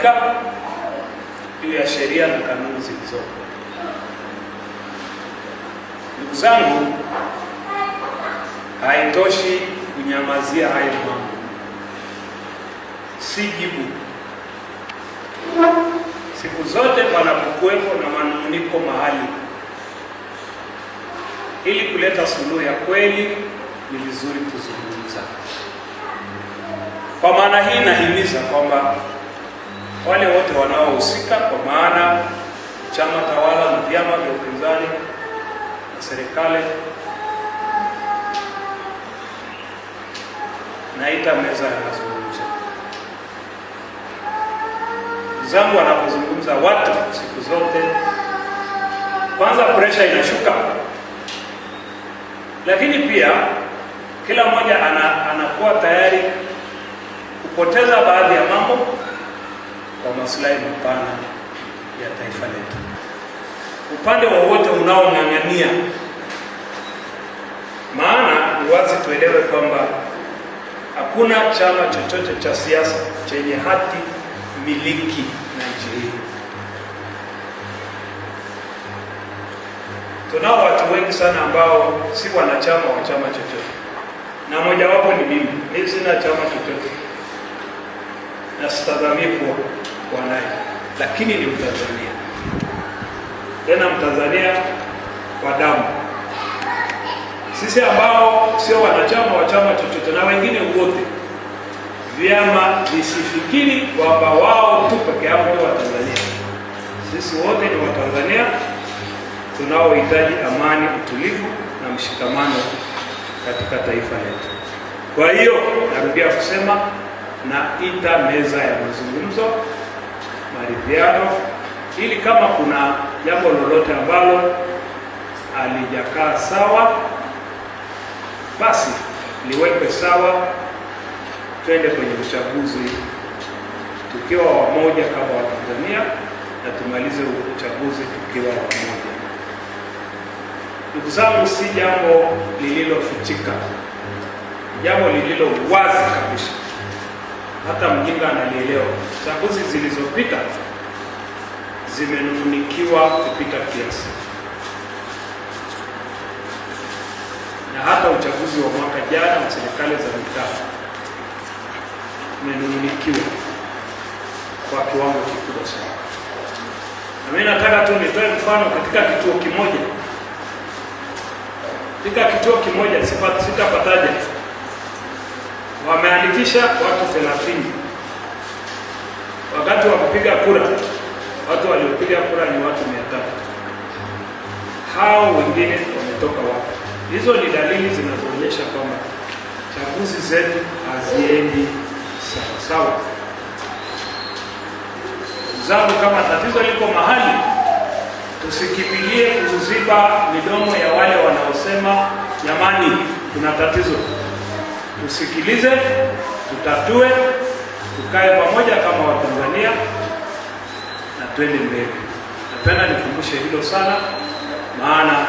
kuandika juu ya sheria na kanuni zilizopo. Ndugu zangu, haitoshi kunyamazia hayo mambo, si jibu. Siku zote panapokuwepo na manunguniko mahali, ili kuleta suluhu ya kweli, ni vizuri kuzungumza. Kwa maana hii, nahimiza kwamba wale wote wanaohusika, kwa maana chama tawala na vyama vya upinzani na serikali. Naita meza ya mazungumzo. Zangu wanapozungumza watu siku zote, kwanza presha inashuka, lakini pia kila mmoja ana, anakuwa tayari kupoteza baadhi ya mambo kwa maslahi mapana ya taifa letu. Upande wowote unaong'ang'ania, maana ni wazi tuelewe kwamba hakuna chama chochote cha siasa chenye hati miliki na nchi hii. Tunao watu wengi sana ambao si wanachama wa chama chochote, na mojawapo ni mimi. Mimi sina chama chochote na sitazamii kuwa nilikuwa lakini ni Mtanzania, tena Mtanzania kwa damu. Sisi ambao sio wanachama wa chama chochote na wengine wote vyama visifikiri kwamba wao tu peke yao ndio Watanzania. Sisi wote ni Watanzania tunaohitaji amani, utulivu na mshikamano katika taifa letu. Kwa hiyo narudia kusema, naita meza ya mazungumzo maridhiano, ili kama kuna jambo lolote ambalo alijakaa sawa, basi liwekwe sawa, twende kwenye uchaguzi tukiwa wamoja kama Watanzania na tumalize uchaguzi tukiwa wamoja. Ndugu zangu, si jambo lililofichika, jambo lililo wazi kabisa hata mjinga analielewa. Chaguzi zilizopita zimenunikiwa kupita kiasi, na hata uchaguzi wa mwaka jana wa serikali za mitaa umenunikiwa kwa kiwango kikubwa sana, na mimi nataka tu nitoe mfano katika kituo kimoja, katika kituo kimoja sitapataje wameandikisha watu 30 Wakati wa kupiga kura, watu waliopiga kura ni watu mia tatu. Hao wengine wametoka wapi? Hizo ni dalili zinazoonyesha kwamba chaguzi zetu haziendi sawasawa. Zangu kama tatizo liko mahali, tusikimbilie kuziba midomo ya wale wanaosema jamani, kuna tatizo tusikilize, tutatue, tukae pamoja kama Watanzania na twende mbele. Napenda nikumbushe hilo sana, maana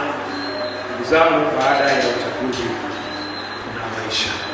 ndugu zangu, baada ya uchaguzi kuna maisha.